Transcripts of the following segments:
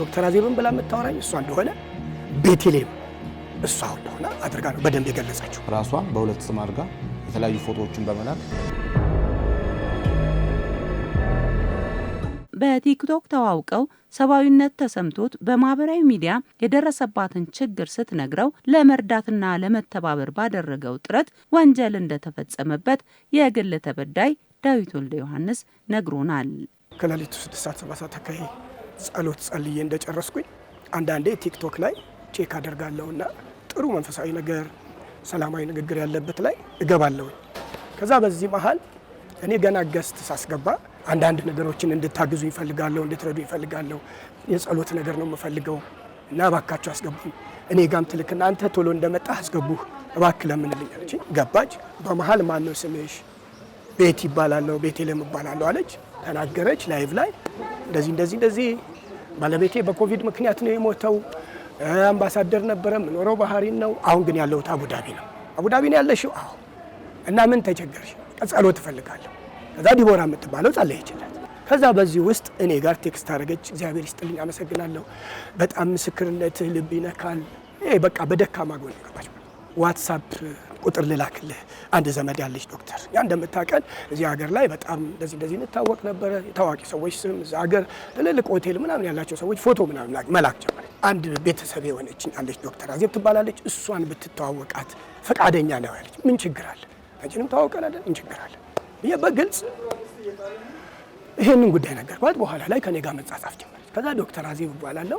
ዶክተር አዜብን ብላ የምታወራኝ እሷ እንደሆነ ቤቴሌም እሷ እንደሆነ አድርጋ ነው በደንብ የገለጸችው። ራሷን በሁለት ስም አድርጋ የተለያዩ ፎቶዎችን በመላክ በቲክቶክ ተዋውቀው ሰብአዊነት ተሰምቶት በማህበራዊ ሚዲያ የደረሰባትን ችግር ስትነግረው ለመርዳትና ለመተባበር ባደረገው ጥረት ወንጀል እንደተፈጸመበት የግል ተበዳይ ዳዊት ወልደ ዮሐንስ ነግሮናል። ከሌሊቱ ስድስት ሰዓት ሰባት ሰዓት አካባቢ ጸሎት ጸልዬ እንደጨረስኩኝ አንዳንዴ ቲክቶክ ላይ ቼክ አደርጋለሁና ጥሩ መንፈሳዊ ነገር ሰላማዊ ንግግር ያለበት ላይ እገባለሁ። ከዛ በዚህ መሀል እኔ ገና ገስት ሳስገባ አንዳንድ ነገሮችን እንድታግዙ ይፈልጋለሁ፣ እንድትረዱ ይፈልጋለሁ። የጸሎት ነገር ነው የምፈልገው እና እባካችሁ አስገቡኝ። እኔ ጋም ትልክና አንተ ቶሎ እንደመጣ አስገቡህ እባክህ ለምንልኝ አለች። ገባች። በመሀል ማነው ስምሽ? ቤት ይባላለሁ ቤቴልም ይባላለሁ አለች። ተናገረች ላይቭ ላይ እንደዚህ እንደዚህ እንደዚህ ባለቤቴ በኮቪድ ምክንያት ነው የሞተው። አምባሳደር ነበረ የምኖረው ባህሪን ነው። አሁን ግን ያለሁት አቡዳቢ ነው። አቡዳቢ ነው ያለሽው? አዎ። እና ምን ተቸገርሽ? ጸሎት እፈልጋለሁ። ከዛ ዲቦራ የምትባለው ጸለየችላት። ከዛ በዚህ ውስጥ እኔ ጋር ቴክስት አደረገች። እግዚአብሔር ይስጥልኝ፣ አመሰግናለሁ። በጣም ምስክርነትህ ልብ ይነካል። በቃ በደካማ ጎን ገባች። ዋትሳፕ ቁጥር ልላክልህ አንድ ዘመድ ያለች ዶክተር ያ እንደምታቀን እዚህ ሀገር ላይ በጣም እንደዚህ እንደዚህ እንታወቅ ነበረ። የታዋቂ ሰዎች ስም እዚ ሀገር ትልልቅ ሆቴል ምናምን ያላቸው ሰዎች ፎቶ ምናምን መላክ ጀመር አንድ ቤተሰብ የሆነች ያለች ዶክተር አዜብ ትባላለች። እሷን ብትተዋወቃት ፈቃደኛ ነው ያለች። ምን ችግር አለ? አንቺንም ታዋወቀናለን፣ ምን ችግር አለ? በግልጽ ይህንን ጉዳይ ነገርኳት። በኋላ ላይ ከኔ ጋር መጻጻፍ ጀመር ከዛ ዶክተር አዜብ እባላለሁ።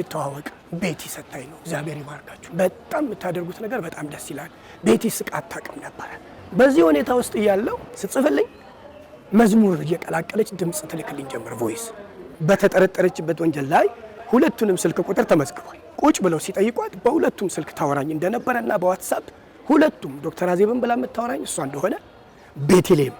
እንተዋወቅ። ቤቲ ሰታኝ ነው። እግዚአብሔር ይባርካችሁ። በጣም የምታደርጉት ነገር በጣም ደስ ይላል። ቤቲ ስቃ አታውቅም ነበረ። በዚህ ሁኔታ ውስጥ እያለሁ ስጽፍልኝ መዝሙር እየቀላቀለች ድምፅ ትልክልኝ ጀምር ቮይስ በተጠረጠረችበት ወንጀል ላይ ሁለቱንም ስልክ ቁጥር ተመዝግቧል። ቁጭ ብለው ሲጠይቋት በሁለቱም ስልክ ታወራኝ እንደነበረና በዋትሳፕ ሁለቱም ዶክተር አዜብን ብላ የምታወራኝ እሷ እንደሆነ ቤቴሌም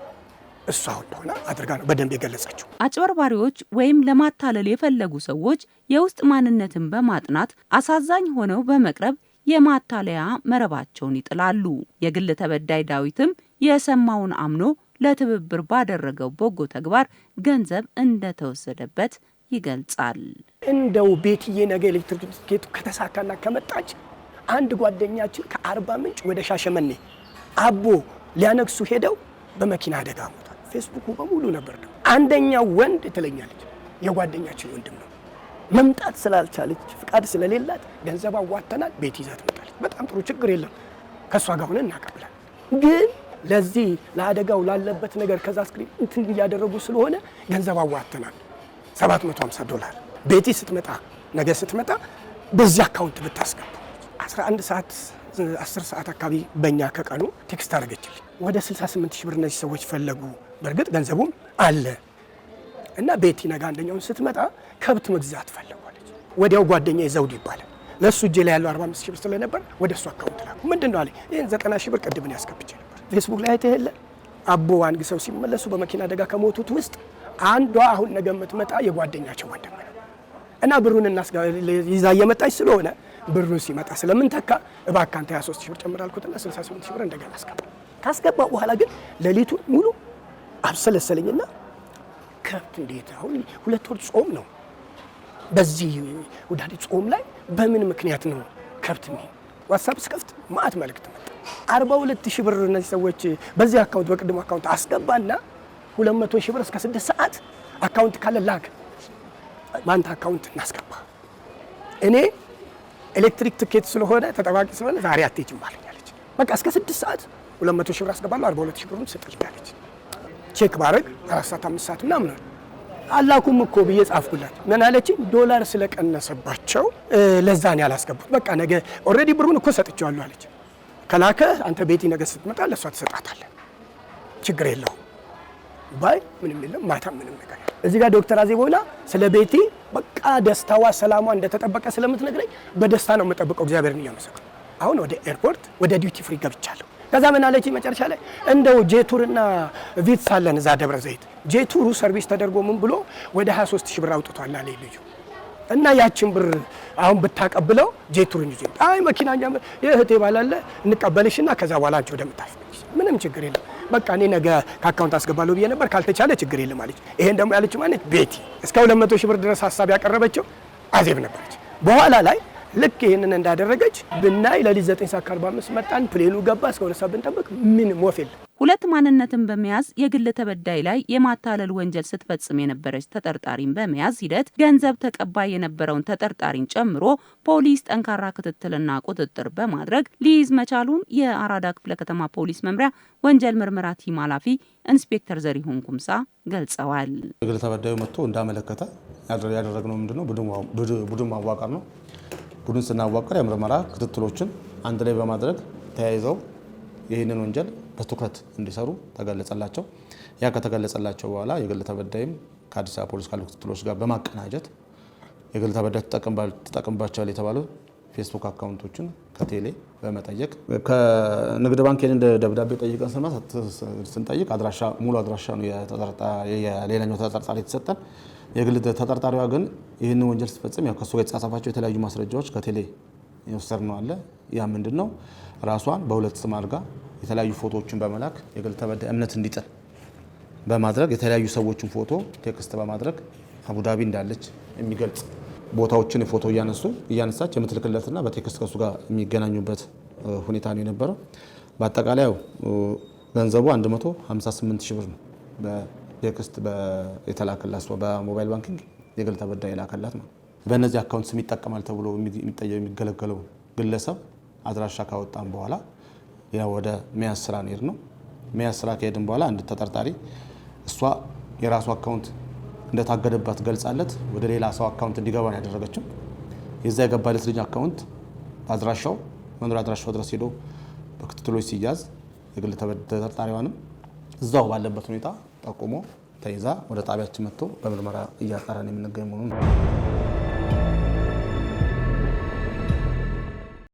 እሷ እንደሆነ አድርጋ ነው በደንብ የገለጸችው። አጭበርባሪዎች ወይም ለማታለል የፈለጉ ሰዎች የውስጥ ማንነትን በማጥናት አሳዛኝ ሆነው በመቅረብ የማታለያ መረባቸውን ይጥላሉ። የግል ተበዳይ ዳዊትም የሰማውን አምኖ ለትብብር ባደረገው በጎ ተግባር ገንዘብ እንደተወሰደበት ይገልጻል። እንደው ቤትዬ ነገ ኤሌክትሪክ ከተሳካና ከመጣች አንድ ጓደኛችን ከአርባ ምንጭ ወደ ሻሸመኔ አቦ ሊያነግሱ ሄደው በመኪና አደጋ ሞቷል። ፌስቡኩ በሙሉ ነበር። አንደኛ ወንድ ትለኛለች፣ የጓደኛችን ወንድም ነው። መምጣት ስላልቻለች ፍቃድ ስለሌላት ገንዘብ አዋተናል፣ ቤት ይዛ ትመጣለች። በጣም ጥሩ ችግር የለም፣ ከእሷ ጋር ሆነ እናቀብላል። ግን ለዚህ ለአደጋው ላለበት ነገር ከዛ ስክሪን እንትን እያደረጉ ስለሆነ ገንዘብ አዋተናል፣ 750 ዶላር ቤቲ ስትመጣ ነገ ስትመጣ በዚህ አካውንት ብታስገቡ 11 ሰዓት አስር ሰዓት አካባቢ በእኛ ከቀኑ ቴክስት አደረገችልኝ። ወደ 68 ሺህ ብር እነዚህ ሰዎች ፈለጉ። በእርግጥ ገንዘቡም አለ እና ቤቲ ነጋ አንደኛውን ስትመጣ ከብት መግዛት ፈለጓለች። ወዲያው ጓደኛ ዘውድ ይባላል ለእሱ እጄ ላይ ያለው 45 ሺህ ብር ስለነበር ወደ እሱ አካውንት ላኩ። ምንድን ነው አለኝ ይህን 90 ሺህ ብር ቅድምን ያስገብቼ ነበር። ፌስቡክ ላይ አይተህ የለ አቦ አንግ ሰው ሲመለሱ በመኪና አደጋ ከሞቱት ውስጥ አንዷ አሁን ነገ የምትመጣ የጓደኛቸው ወንድም ነው እና ብሩን እናስጋ ይዛ እየመጣች ስለሆነ ብሩ ሲመጣ ስለምንተካ እባክህ አንተ 23 ሺህ ብር ጨምር አልኩትና 68 ሺህ ብር እንደገና አስገባ። ካስገባ በኋላ ግን ሌሊቱን ሙሉ አብሰለሰለኝና ከብት እንዴት አሁን ሁለት ወር ጾም ነው። በዚህ ውዳዴ ጾም ላይ በምን ምክንያት ነው ከብት ሚ ዋትሳፕ ስከፍት ማአት መልእክት መጣ። 42 ሺህ ብር እነዚህ ሰዎች በዚህ አካውንት በቅድሞ አካውንት አስገባና 200 ሺህ ብር እስከ 6 ሰዓት አካውንት ካለ ላክ ባንተ አካውንት እናስገባ እኔ ኤሌክትሪክ ትኬት ስለሆነ ተጠባቂ ስለሆነ ዛሬ አትሄጂም አለኛለች። በቃ እስከ ስድስት ሰዓት ሁለት መቶ ሺህ ብር አስገባለሁ አርባ ሁለት ሺህ ብሩን ትሰጠኛለች። ቼክ ባረግ አራት ሰዓት አምስት ሰዓት ምናምን አላኩም እኮ ብዬ ጻፍኩላት። ምን አለችኝ? ዶላር ስለቀነሰባቸው ለዛ ነው ያላስገቡት። በቃ ነገ ኦልሬዲ ብሩን እኮ ሰጥቼዋለሁ አለች። ከላከ አንተ ቤቲ ነገ ስትመጣ ለእሷ ትሰጣታለህ፣ ችግር የለውም ባይ ምንም የለም ማታ ምንም ነገር እዚህ ጋር ዶክተር አዜቦላ ስለ ቤቴ በቃ ደስታዋ፣ ሰላሟ እንደተጠበቀ ስለምትነግረኝ በደስታ ነው የምጠብቀው። እግዚአብሔርን እያመሰገንኩ አሁን ወደ ኤርፖርት ወደ ዲዩቲ ፍሪ ገብቻለሁ። ከዛ ምን አለች መጨረሻ ላይ እንደው ጄቱርና ቪትስ አለን እዛ ደብረ ዘይት ጄቱሩ ሰርቪስ ተደርጎ ምን ብሎ ወደ 23 ሺህ ብር አውጥቷል አለኝ ልዩ እና ያችን ብር አሁን ብታቀብለው ጄቱርን ይዞ አይ መኪና እህቴ ባላለ እንቀበልሽና ከዛ በኋላ አንቺ ወደ ምታስነች ምንም ችግር የለም በቃ እኔ ነገ ከአካውንት አስገባለሁ ብዬ ነበር ካልተቻለ ችግር የለም አለች። ይሄን ደግሞ ያለች ማለት ቤቲ እስከ 200 ሺህ ብር ድረስ ሀሳብ ያቀረበችው አዜብ ነበረች። በኋላ ላይ ልክ ይህንን እንዳደረገች ብናይ ለሊት 9 ሰዓት 45 መጣን። ፕሌኑ ገባ። እስከ ሁለት ሰዓት ብንጠብቅ ምን ወፌል ሁለት ማንነትን በመያዝ የግል ተበዳይ ላይ የማታለል ወንጀል ስትፈጽም የነበረች ተጠርጣሪን በመያዝ ሂደት ገንዘብ ተቀባይ የነበረውን ተጠርጣሪን ጨምሮ ፖሊስ ጠንካራ ክትትልና ቁጥጥር በማድረግ ሊይዝ መቻሉን የአራዳ ክፍለ ከተማ ፖሊስ መምሪያ ወንጀል ምርመራ ቲም ኃላፊ ኢንስፔክተር ዘሪሁን ኩምሳ ገልጸዋል። የግል ተበዳዩ መጥቶ እንዳመለከተ ያደረግነው ምንድነው? ቡድን ማዋቀር ነው ቡድን ስናዋቀር የምርመራ ክትትሎችን አንድ ላይ በማድረግ ተያይዘው ይህንን ወንጀል በትኩረት እንዲሰሩ ተገለጸላቸው። ያ ከተገለጸላቸው በኋላ የግል ተበዳይም ከአዲስ አበባ ፖሊስ ካሉ ክትትሎች ጋር በማቀናጀት የግል ተበዳይ ትጠቅምባቸዋል የተባሉ ፌስቡክ አካውንቶችን ከቴሌ በመጠየቅ ከንግድ ባንክ ይህን ደብዳቤ ጠይቀን ስማ ስንጠይቅ ሙሉ አድራሻ ነው የሌላኛው ተጠርጣሪ የተሰጠን። የግል ተጠርጣሪዋ ግን ይህንን ወንጀል ስትፈጽም ከሱ ጋር የተጻጻፋቸው የተለያዩ ማስረጃዎች ከቴሌ ነው አለ። ያ ምንድን ነው? ራሷን በሁለት ስም አድርጋ የተለያዩ ፎቶዎችን በመላክ የግል ተበዳይ እምነት እንዲጥል በማድረግ የተለያዩ ሰዎችን ፎቶ ቴክስት በማድረግ አቡዳቢ እንዳለች የሚገልጽ ቦታዎችን ፎቶ እያነሱ እያነሳች የምትልክለትና በቴክስት ከሱ ጋር የሚገናኙበት ሁኔታ ነው የነበረው። በአጠቃላይ ገንዘቡ 158 ሺህ ብር ነው በቴክስት የተላከላት በሞባይል ባንኪንግ የግል ተበዳይ የላከላት ነው። በእነዚህ አካውንትስ ስም ይጠቀማል ተብሎ የሚገለገለው ግለሰብ አድራሻ ካወጣም በኋላ ያ ወደ መያዝ ስራ ነው የሄድነው። ስራ ከሄድን በኋላ አንድ ተጠርጣሪ እሷ የራሱ አካውንት እንደታገደባት ገልጻለት ወደ ሌላ ሰው አካውንት እንዲገባ ነው ያደረገችው። የዛ የገባለት ልጅ አካውንት አድራሻው መኖሪያ አድራሻው ድረስ ሄዶ በክትትሎች ሲያዝ የግል ተጠርጣሪዋንም እዛው ባለበት ሁኔታ ጠቁሞ ተይዛ ወደ ጣቢያችን መጥቶ በምርመራ እያጣራን የምንገኝ መሆኑ ነው።